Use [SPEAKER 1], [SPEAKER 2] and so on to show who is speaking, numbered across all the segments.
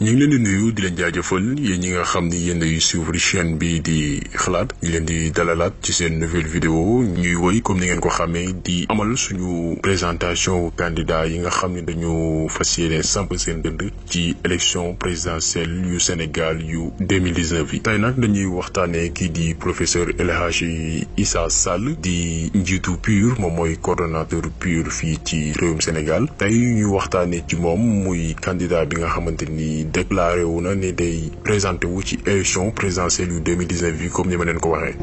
[SPEAKER 1] ñu ngi leen di nuyu di leen jaajëfal yéen ñi nga xam ni yéen ay suivre chaîne bi di xalaat ñu leen di dalalaat ci seen nouvelle vidéo ñuy woy comme ni ngeen ko xamee di amal suñu présentation candidat yi nga xam ne dañu fas yéene samp seen dënd ci élection présidentielle yu Sénégal yu 2019 yi tey nag dañuy waxtaanee kii di professeur El Hadji Issa Sall di njiitu PUR moom mooy coordonnateur PUR fii ci réewum Sénégal tey ñu waxtaanee ci moom muy candidat bi nga xamante ni déclaré wu na ni day présenté wu ci élection présidentielle yu 2019 comme ni ma leen ko waxee.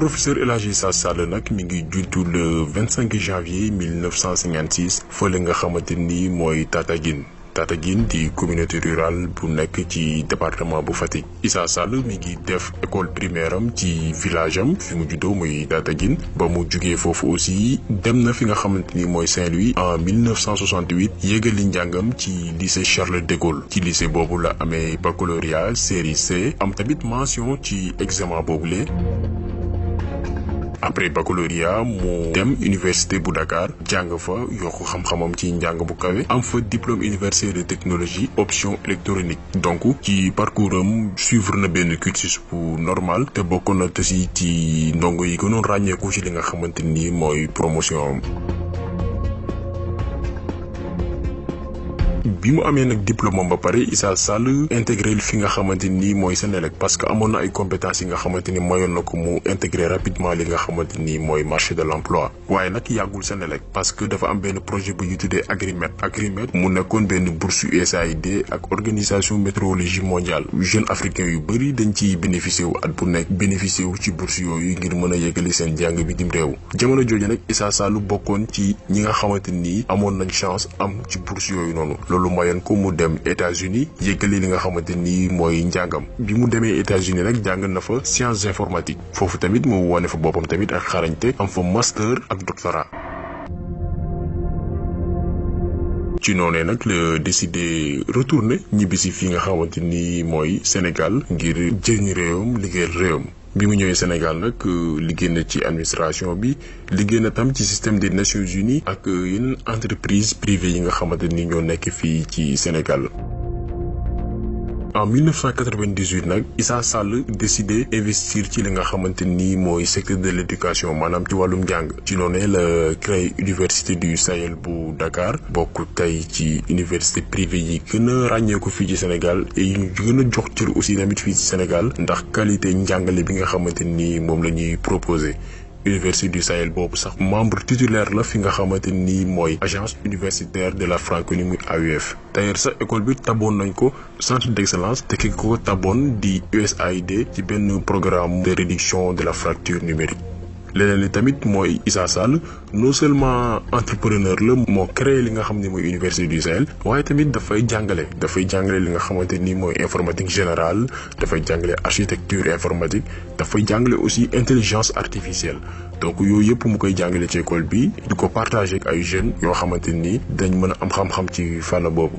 [SPEAKER 1] professeur El Hadji Issa Sall nag mi ngi juddu le 25 janvier 1956 fële nga xamante ni mooy Tataguine Tataguine di communauté rurale bu nekk ci département bu Fatick Issa Sall mi ngi def école primaire am ci village am fi mu juddoo muy Tataguine ba mu jugee foofu aussi dem na fi nga xamante ni mooy Saint-Louis en 1968 yéegali njàngam ci lycée Charles de Gaulle ci lycée boobu la amee baccalauréat série C am tamit mention ci examen boobule. après baccalauréat mu dem université bu Dakar jàng fa yokk xam-xamam ci njàng bu kawe am fa diplôme universitaire de technologie option électronique donc ci parcours am suivre na benn cursus bu normal te bokkoon na te si ci ndongo yi gënoon ràññeeku ci li nga xamante ni mooy promotion am bi mu amee nag diplôme ba pare Issa Sall intégré fi nga xamante ni mooy Senelec parce que amoon na ay compétences yi nga xamante ni mayoon ko mu intégré rapidement li nga xamante ni mooy marché de l'emploi waaye nag yàggul Senelec parce que dafa am benn projet bu ñu tuddee Agrimet Agrimet mu nekkoon benn bourse USAID ak organisation météorologie mondiale jeunes africains yu bëri dañ ciy bénéficié wu at bu nekk bénéficié wu ci bourse yooyu ngir mën a yeggali seen jàng bi dim réew jamono jooju nag Issa Sall bokkoon ci ñi nga xamante ni amoon nañ chance am ci bourse yooyu noonu loolu mayoon ko mu dem États-Unis yëggali li nga xamante ni mooy njàngam bi mu demee États-Unis nag jàng na fa science informatique foofu tamit mu wone fa boppam tamit ak xarañte am fa master ak doctorat. ci noonee nag la décidé retourné ñibbisi fi nga xamante ni mooy Sénégal ngir jëriñ réewam liggéeyal réewam. bi mu ñëwee Sénégal nag euh, liggéey na ci administration bi liggéey na tam ci système des Nations Unies ak euh, yeneen entreprise privée yi nga xamante ni ñoo nekk fii ci Sénégal. en 1998 nag Issa Sall décidé investir ci li nga xamante nii mooy secteur de l'éducation maanaam ci wàllum njàng ci noonee la créé université du Sahel bu Dakar bokk tey ci université privée yi gën a ràññeeku fii ci Sénégal et yu a jox cër aussi tamit fii ci Sénégal ndax qualité njàngale bi nga xamante nii moom la ñuy proposé université du Sahel boobu sax membre titulaire la fi nga xamante ni mooy agence universitaire de la francophonie muy AUF d'ailleurs sax école bi taboon nañ ko centre d'excellence te ki ko taboon di USAID ci benn programme de réduction de la fracture numérique leneen li tamit mooy Issa Sall no seulement entrepreneur la moo créé li nga xam ni mooy université du Sahel waaye tamit dafay jàngale dafay jàngale li nga xamante ni mooy informatique général dafay jàngale architecture informatique dafay jàngale aussi intelligence artificielle donc yooyu yëpp mu koy jàngale ci école bi du ko partagé ay jeunes yoo xamante ni dañ mën a am xam-xam ci fànn boobu.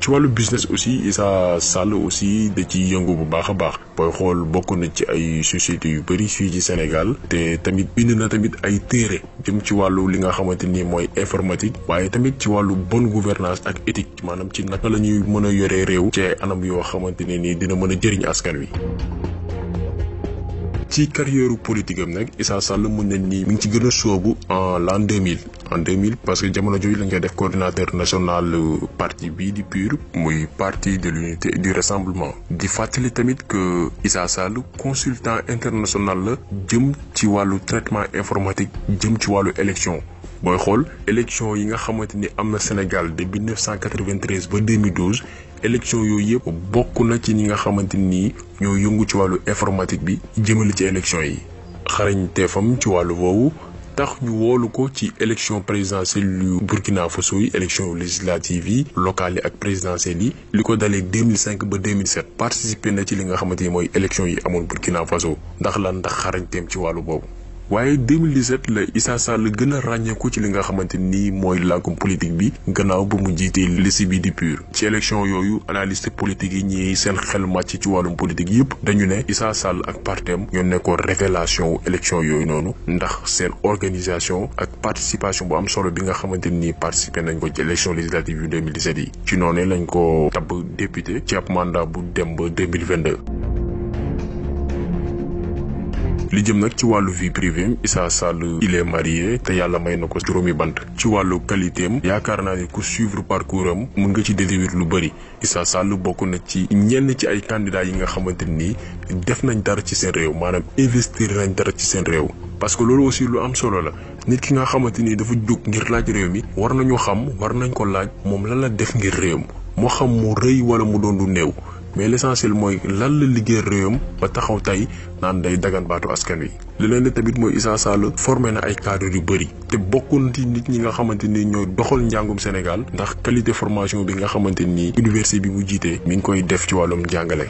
[SPEAKER 1] ci wàllu business aussi Issa Sall aussi da ciy yëngu bu baax a baax. booy xool bokk na ci ay sociétés yu bëri si ci Sénégal te tamit bind na tamit ay téere jëm ci wàllu li nga xamante ni mooy informatique waaye tamit ci wàllu bon gouvernance ak éthique maanaam ci naka la ñuy mën a yoree réew ci ay anam yoo xamante ne ni dina mën a jëriñ askan wi ci carrière politique am nag Issa Sall mën nañ ni mi ngi ci gën a soobu en l'an 2000 en 2000 parce que jamono jooju lañ koy def coordinateur national parti bii di PUR muy parti de l'unité et du rassemblement di fàttali tamit que Issa Sall consultant international la jëm ci wàllu traitement informatique jëm ci wàllu élection booy xool élection yi nga xamante ni am na Sénégal de 1993 ba 2012 élection yooyu yëpp bokk na ci ni nga xamante ni ñoo yëngu ci wàllu informatique bi jëmale ci élection yi. xarañ teefam ci wàllu woowu tax ñu woolu ko ci élection présidentielle yu Burkina Faso yi élection législative yi locales yi ak présidentielles yi li ko dalee 2005 ba 2007 participé na ci li nga xamante ni mooy élection yi amoon Burkina Faso ndax lan ndax xarañteem ci wàllu boobu. waaye 2017 la Issa Sall gën a ràññeeku ci li nga xamante nii mooy làkkum politique bi gannaaw ba mu jiitee liste bi di pur ci élection yooyu analyste politique yi ñi seen xel màcc ci wàllum politique yëpp dañu ne Issa Sall ak partem ñoo nekkoon révélation wu élection yooyu noonu ndax seen organisation ak participation bu am solo bi nga xamante ni participé nañ ko ci élection législative yu yi ci noonu lañ ko tabb député ci ab mandat bu dem ba 2022 li jëm nag ci wàllu vie privée Issa Sall il est te yàlla may na ko juróomi bant ci wàllu qualité yaakaar naa ne ku suivre parcours am mun nga ci déduire lu bari Issa Sall bokk na ci ñenn ci ay candidats yi nga xamante nii def nañ dara ci seen réew maanaam investir nañ dara ci seen réew parce que loolu aussi lu am solo la nit ki nga xamante ni dafa jóg ngir laaj réew mi war nañu xam war nañ ko laaj moom lan la def ngir réew moo xam mu rëy wala mu doon du néew mais l'essentiel mooy lan la liggéey réewam ba taxaw tey naan day dagan baatu askan wi. leneen li tamit mooy Issa Sall na ay cadre yu bëri te bokkoon ci nit ñi nga xamante ni ñoo doxal njàngum Sénégal ndax qualité formation bi nga xamante ni université bi mu jiitee mi ngi koy def ci wàllum njàngale.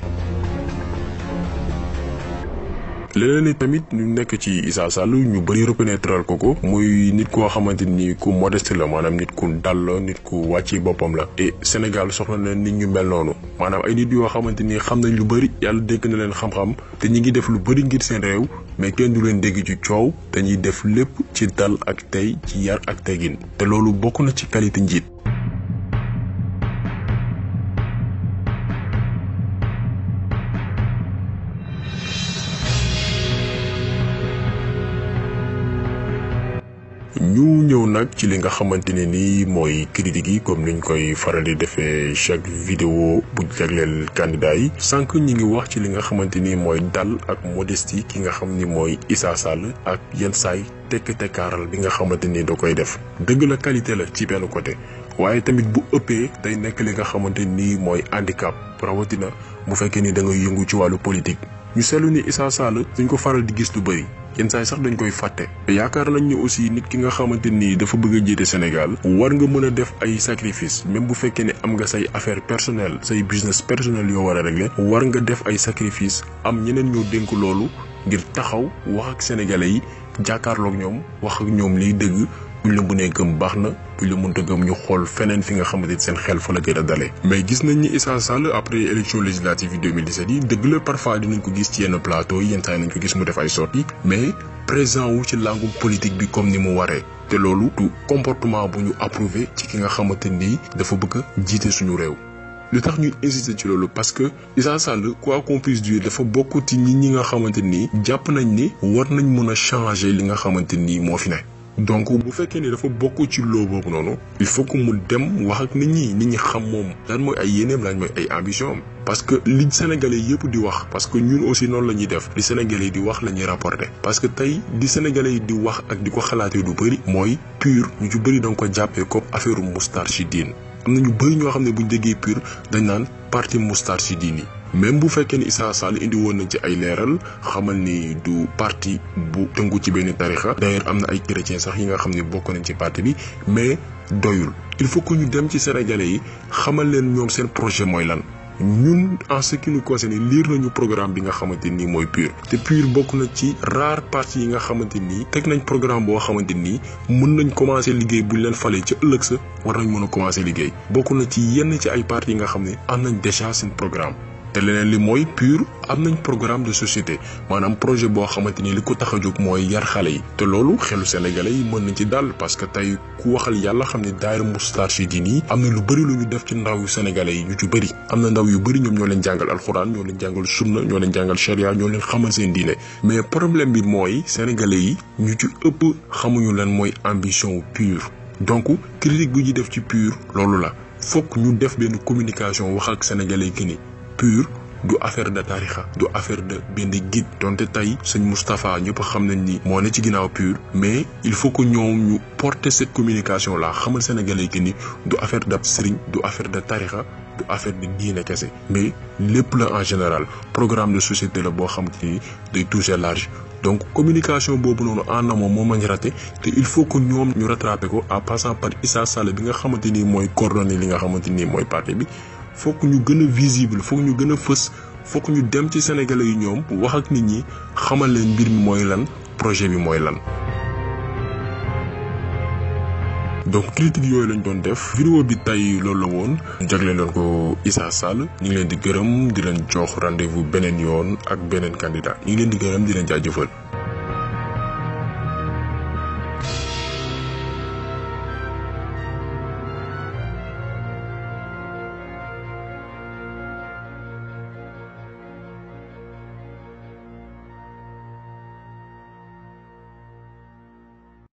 [SPEAKER 1] leneen tamit ñu nekk ci Issa Sall ñu bëri reconnaître ko ko muy nit koo xamante ni ku modeste la maanaam nit ku dal la nit ku wàcc boppam la et Sénégal soxla na nit ñu mel noonu maanaam ay nit yoo xamante ni xam nañ lu bëri yàlla dégg na leen xam-xam te ñi ngi def lu bëri ngir seen réew mais kenn du leen dégg ci coow te ñuy def lépp ci dal ak tey ci yar ak teggin te loolu bokk na ci qualité njiit ñu ñëw nag ci li nga xamante ne nii mooy critique yi comme niñ koy faral di defee chaque vidéo bu jagleel candidat yi sànq ñu ngi wax ci li nga xamante ni mooy dal ak modestie ki nga xam ni mooy Issa Sall ak yenn saay tekk tekkaaral bi nga xamante ni da koy def dëgg la qualité la ci benn côté waaye tamit bu ëppee day nekk li nga xamante nii mooy handicap rawatina bu fekkee ni da ngay yëngu ci wàllu politique. ñu seetlu ni Issa Sall ko faral di gis lu bëri yenn saay sax dañ koy fàtte te yaakaar nañ ñu aussi nit ki nga xamante nii dafa bëgg a jiite Sénégal war nga mën a def ay sacrifice même bu fekkee ne am nga say affaire personnelle say business personnel yoo war a régler war nga def ay sacrifice am ñeneen ñoo dénk loolu ngir taxaw wax ak sénégalais yi jàkkaarloog ñoom wax ak ñoom liy dégg buñ la mënee gëm baax na buñ la mënta gëm ñu xool feneen fi nga xamante ni seen xel fa la gën dalee mais gis nañ ni Issa Sall après élection législative yi dëgg la parfois dinañ ko gis ci yenn plateau yenn saa nañ ko gis mu def ay sorties présent wu ci langue politique bi comme ni mu waree te loolu du comportement bu ñu approuvé ci ki nga xamante ni dafa bëgg jiite suñu réew li tax ñuy insister ci loolu parce que Issa Sall quoi qu'on puisse dire dafa bokk a changer li nga xamante ni moo fi ne donc bu fekkee ni dafa bokk ci loo boobu noonu il faut que mu dem wax ak nit ñi nit ñi xam moom lan mooy ay yéeneem lan mooy ay ambition am parce que li Sénégalais yëpp di wax parce que ñun aussi noonu la ñuy def li yi di wax la ñuy rapporter parce que tey di Sénégalais yi di wax ak di ko xalaatee du bëri mooy pur ñu ci bëri da nga ko jàppee comme affaire Moustarchidine am na ñu bëri ñoo xam ne buñ jegee pur dañ naan parti Moustarchidine yi même bu fekkee ni Issa Sall indi woon na ci ay leeral xamal ni du parti bu tëngu ci benn tarixa d'ailleurs am na ay chrétiens sax yi nga xam ni bokk nañ ci parti bi mais doyul il faut que ñu dem ci sénégalais yi xamal leen ñoom seen projet mooy lan ñun en ce qui nous concerne liir nañu programme bi nga xamante nii mooy PUR te PUR bokk na ci rare parti yi nga xamante nii teg nañ programme boo xamante nii mun nañ commencé liggéey bu ñu leen falee ci ëllëg sa war nañ mën a commencé liggéey bokk na ci yenn ci ay parti yi nga xam ne am nañ déjà seen programme te leneen li mooy PUR am nañ programme de société maanaam projet boo xamante ni li ko tax a jóg mooy yar xale yi te loolu xelu sénégalais yi mën nañ ci dal parce que tey ku waxal yàlla xam ne daayira Moustarchidine yi nii am na lu bëri lu ñu def ci ndaw yu sénégalais yi ñu ci bëri am na ndaw yu bëri ñoom ñoo leen jàngal alxuraan ñoo leen jàngal sunna ñoo leen jàngal charia ñoo leen xamal seen diine mais problème bi mooy sénégalais yi ñu ci ëpp xamuñu leen mooy ambition PUR donc critique bu ñu def ci PUR loolu la fokk ñu def benn communication wax ak sénégalais yi ni pur du affaire de tarixa du affaire de benn guide donte tey sëñ Moustapha ñëpp xam nañ ni moo ne ci ginnaaw pur mais il faut que ñoom ñu porter cette communication là xamal sénégalais que ni du affaire de sëriñ du affaire de tarixa du affaire de diine kese mais lépp la en général programme de société la boo xamante ni day toucher large donc communication boobu noonu en amont moom lañ raté te il faut que ñoom ñu rattrapé ko en passant par Issa Sall bi nga xamante mooy coordonné li nga xamante ni mooy parti fokk ñu gën a visible fokk ñu gën a fës fokk ñu dem ci sénégalais yi ñoom wax ak nit ñi xamal leen mbir mi mooy lan projet bi mooy lan. donc critique yooyu lañu doon def. vidéo bi tey loolu la woon. jagleel leen ko Issa Sall. ñu ngi leen di gërëm di leen jox rendez-vous beneen yoon ak beneen candidat. ñu ngi leen di gërëm di leen jaajëfal.